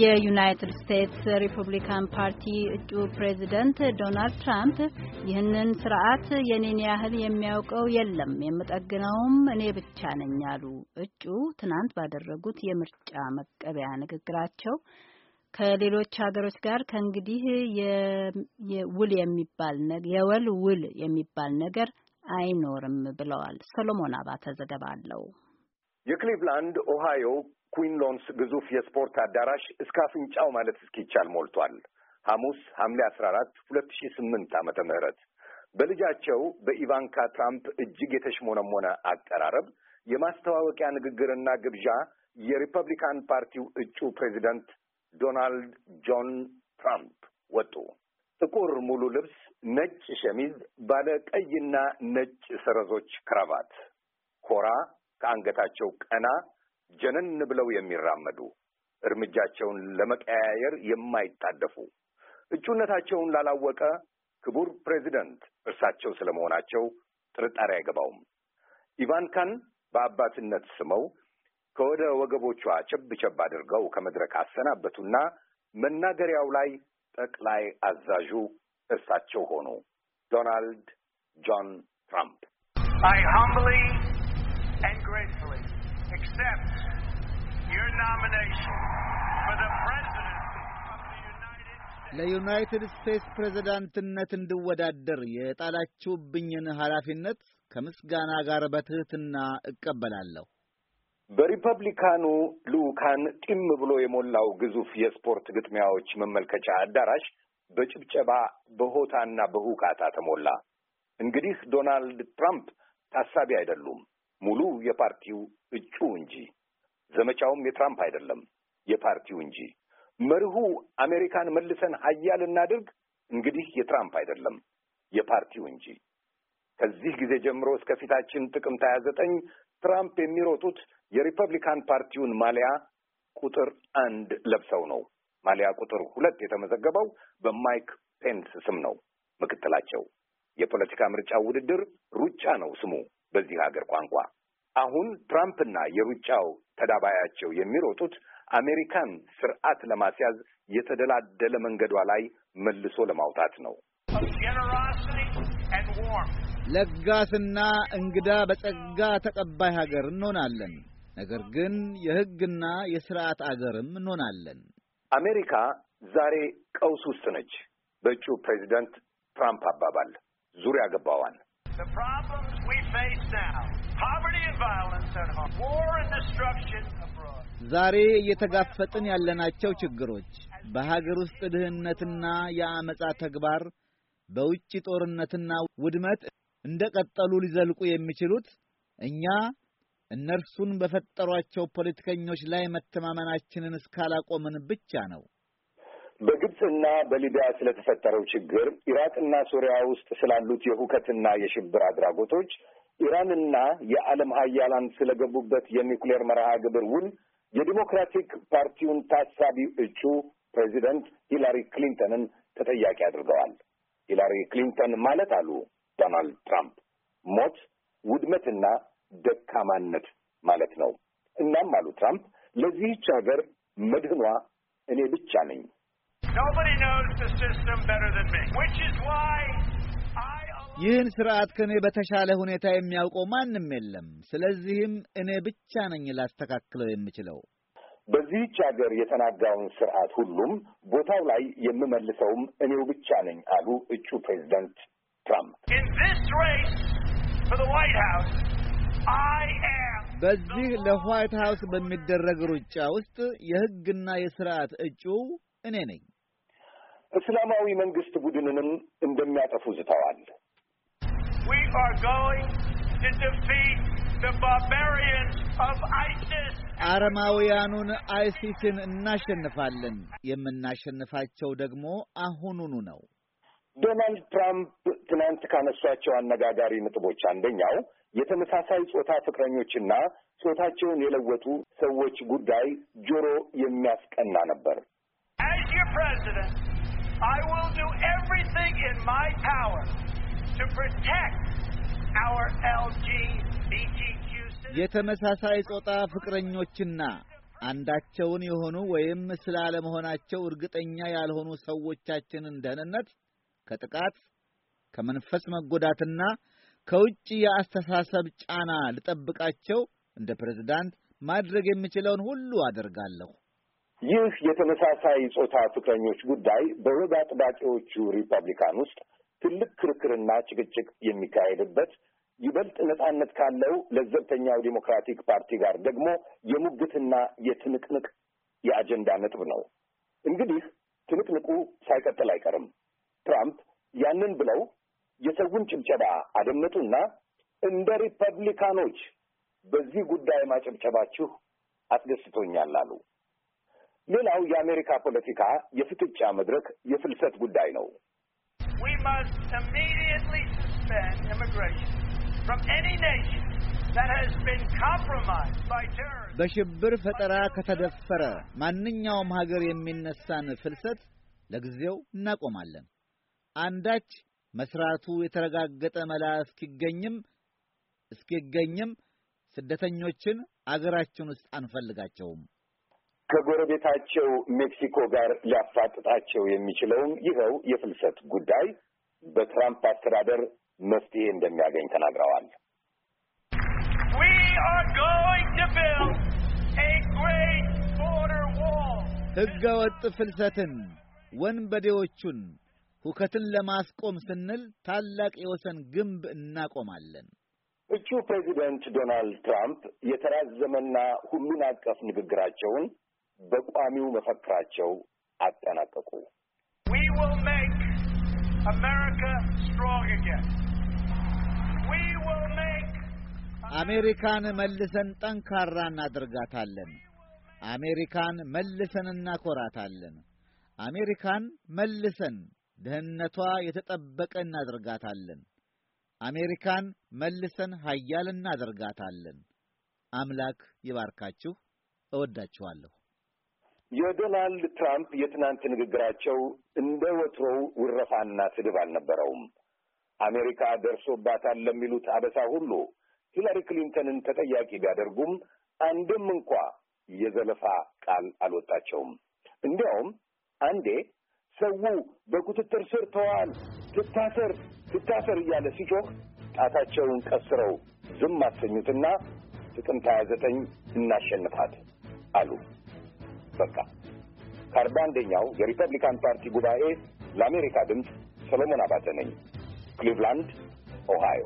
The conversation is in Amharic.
የዩናይትድ ስቴትስ ሪፐብሊካን ፓርቲ እጩ ፕሬዚደንት ዶናልድ ትራምፕ ይህንን ስርዓት የኔን ያህል የሚያውቀው የለም፣ የምጠግነውም እኔ ብቻ ነኝ አሉ። እጩ ትናንት ባደረጉት የምርጫ መቀበያ ንግግራቸው ከሌሎች ሀገሮች ጋር ከእንግዲህ የውል የሚባል የወል ውል የሚባል ነገር አይኖርም ብለዋል። ሰሎሞን አባተ ዘገባ አለው። የክሊቭላንድ ኦሃዮ ኩዊንሎንስ ግዙፍ የስፖርት አዳራሽ እስከ አፍንጫው ማለት እስኪቻል ሞልቷል። ሐሙስ ሐምሌ አስራ አራት ሁለት ሺ ስምንት ዓመተ ምህረት በልጃቸው በኢቫንካ ትራምፕ እጅግ የተሽሞነሞነ አቀራረብ የማስተዋወቂያ ንግግርና ግብዣ የሪፐብሊካን ፓርቲው እጩ ፕሬዚደንት ዶናልድ ጆን ትራምፕ ወጡ። ጥቁር ሙሉ ልብስ፣ ነጭ ሸሚዝ፣ ባለ ቀይና ነጭ ሰረዞች ክራቫት፣ ኮራ፣ ከአንገታቸው ቀና ጀነን ብለው የሚራመዱ እርምጃቸውን ለመቀያየር የማይጣደፉ እጩነታቸውን ላላወቀ ክቡር ፕሬዚደንት እርሳቸው ስለመሆናቸው ጥርጣሬ አይገባውም። ኢቫንካን በአባትነት ስመው ከወደ ወገቦቿ ቸብ ቸብ አድርገው ከመድረክ አሰናበቱና መናገሪያው ላይ ጠቅላይ አዛዡ እርሳቸው ሆኑ፣ ዶናልድ ጆን ትራምፕ። accept your nomination for the president ለዩናይትድ ስቴትስ ፕሬዝዳንትነት እንድወዳደር የጣላችሁብኝን ኃላፊነት ከምስጋና ጋር በትህትና እቀበላለሁ። በሪፐብሊካኑ ልዑካን ጢም ብሎ የሞላው ግዙፍ የስፖርት ግጥሚያዎች መመልከቻ አዳራሽ በጭብጨባ በሆታና በሁካታ ተሞላ። እንግዲህ ዶናልድ ትራምፕ ታሳቢ አይደሉም። ሙሉ የፓርቲው እጩ እንጂ ዘመቻውም የትራምፕ አይደለም፣ የፓርቲው እንጂ። መርሁ አሜሪካን መልሰን ሀያል እናድርግ እንግዲህ የትራምፕ አይደለም፣ የፓርቲው እንጂ። ከዚህ ጊዜ ጀምሮ እስከ ፊታችን ጥቅምት ሀያ ዘጠኝ ትራምፕ የሚሮጡት የሪፐብሊካን ፓርቲውን ማሊያ ቁጥር አንድ ለብሰው ነው። ማሊያ ቁጥር ሁለት የተመዘገበው በማይክ ፔንስ ስም ነው። ምክትላቸው የፖለቲካ ምርጫ ውድድር ሩጫ ነው ስሙ በዚህ ሀገር ቋንቋ። አሁን ትራምፕና የሩጫው ተዳባያቸው የሚሮጡት አሜሪካን ስርዓት ለማስያዝ የተደላደለ መንገዷ ላይ መልሶ ለማውጣት ነው። ለጋስና እንግዳ በጸጋ ተቀባይ ሀገር እንሆናለን። ነገር ግን የሕግና የስርዓት አገርም እንሆናለን። አሜሪካ ዛሬ ቀውስ ውስጥ ነች። በእጩ ፕሬዚደንት ትራምፕ አባባል ዙሪያ ገባዋል። The problems we face now, poverty and violence at home, war and destruction abroad. ዛሬ እየተጋፈጥን ያለናቸው ችግሮች በሀገር ውስጥ ድህነትና የአመጻ ተግባር፣ በውጭ ጦርነትና ውድመት እንደቀጠሉ ሊዘልቁ የሚችሉት እኛ እነርሱን በፈጠሯቸው ፖለቲከኞች ላይ መተማመናችንን እስካላቆምን ብቻ ነው። በግብፅና በሊቢያ ስለተፈጠረው ችግር፣ ኢራቅና ሶሪያ ውስጥ ስላሉት የሁከትና የሽብር አድራጎቶች፣ ኢራንና የዓለም ሀያላን ስለገቡበት የኒውክሌር መርሃ ግብር ውል የዲሞክራቲክ ፓርቲውን ታሳቢ እጩ ፕሬዚደንት ሂላሪ ክሊንተንን ተጠያቂ አድርገዋል። ሂላሪ ክሊንተን ማለት አሉ ዶናልድ ትራምፕ ሞት፣ ውድመትና ደካማነት ማለት ነው። እናም አሉ ትራምፕ ለዚህች ሀገር መድህኗ እኔ ብቻ ነኝ። ይህን ስርዓት ከእኔ በተሻለ ሁኔታ የሚያውቀው ማንም የለም። ስለዚህም እኔ ብቻ ነኝ ላስተካክለው የምችለው። በዚህች ሀገር የተናጋውን ስርዓት ሁሉም ቦታው ላይ የምመልሰውም እኔው ብቻ ነኝ አሉ እጩ ፕሬዚደንት ትራምፕ። በዚህ ለዋይት ሀውስ በሚደረግ ሩጫ ውስጥ የህግና የስርዓት እጩ እኔ ነኝ። እስላማዊ መንግስት ቡድንንም እንደሚያጠፉ ዝተዋል። አረማውያኑን አይሲስን እናሸንፋለን። የምናሸንፋቸው ደግሞ አሁኑኑ ነው። ዶናልድ ትራምፕ ትናንት ካነሷቸው አነጋጋሪ ነጥቦች አንደኛው የተመሳሳይ ጾታ ፍቅረኞችና ጾታቸውን የለወጡ ሰዎች ጉዳይ ጆሮ የሚያስቀና ነበር። I will do everything in my power to protect our LGBTQ የተመሳሳይ ጾታ ፍቅረኞችና አንዳቸውን የሆኑ ወይም ስለ እርግጠኛ ያልሆኑ ሰዎቻችንን ደህንነት ከጥቃት ከመንፈስ መጎዳትና ከውጭ የአስተሳሰብ ጫና ልጠብቃቸው እንደ ፕሬዝዳንት ማድረግ የምችለውን ሁሉ አደርጋለሁ። ይህ የተመሳሳይ ጾታ ፍቅረኞች ጉዳይ በወግ አጥባቂዎቹ ሪፐብሊካን ውስጥ ትልቅ ክርክርና ጭቅጭቅ የሚካሄድበት ይበልጥ ነጻነት ካለው ለዘብተኛው ዴሞክራቲክ ፓርቲ ጋር ደግሞ የሙግትና የትንቅንቅ የአጀንዳ ነጥብ ነው። እንግዲህ ትንቅንቁ ሳይቀጥል አይቀርም። ትራምፕ ያንን ብለው የሰውን ጭብጨባ አደመጡና እንደ ሪፐብሊካኖች በዚህ ጉዳይ ማጨብጨባችሁ አስደስቶኛል አሉ። ሌላው የአሜሪካ ፖለቲካ የፍጥጫ መድረክ የፍልሰት ጉዳይ ነው። በሽብር ፈጠራ ከተደፈረ ማንኛውም ሀገር የሚነሳን ፍልሰት ለጊዜው እናቆማለን። አንዳች መስራቱ የተረጋገጠ መላ እስኪገኝም እስኪገኝም ስደተኞችን አገራችን ውስጥ አንፈልጋቸውም። ከጎረቤታቸው ሜክሲኮ ጋር ሊያፋጥጣቸው የሚችለውም ይኸው የፍልሰት ጉዳይ በትራምፕ አስተዳደር መፍትሄ እንደሚያገኝ ተናግረዋል። ሕገ ወጥ ፍልሰትን፣ ወንበዴዎቹን፣ ሁከትን ለማስቆም ስንል ታላቅ የወሰን ግንብ እናቆማለን። እጩ ፕሬዚደንት ዶናልድ ትራምፕ የተራዘመና ሁሉን አቀፍ ንግግራቸውን በቋሚው መፈክራቸው አጠናቀቁ። አሜሪካን መልሰን ጠንካራ እናደርጋታለን። አሜሪካን መልሰን እናኮራታለን። አሜሪካን መልሰን ደህንነቷ የተጠበቀ እናደርጋታለን። አሜሪካን መልሰን ኃያል እናደርጋታለን። አምላክ ይባርካችሁ። እወዳችኋለሁ። የዶናልድ ትራምፕ የትናንት ንግግራቸው እንደ ወትሮው ውረፋና ስድብ አልነበረውም። አሜሪካ ደርሶባታል ለሚሉት አበሳ ሁሉ ሂላሪ ክሊንተንን ተጠያቂ ቢያደርጉም አንድም እንኳ የዘለፋ ቃል አልወጣቸውም። እንዲያውም አንዴ ሰው በቁጥጥር ስር ተዋል፣ ትታሰር፣ ትታሰር እያለ ሲጮህ ጣታቸውን ቀስረው ዝም አሰኙትና ጥቅምት 29 እናሸንፋት አሉ። በቃ ከአርባ አንደኛው የሪፐብሊካን ፓርቲ ጉባኤ ለአሜሪካ ድምፅ ሰሎሞን አባተ ነኝ፣ ክሊቭላንድ ኦሃዮ።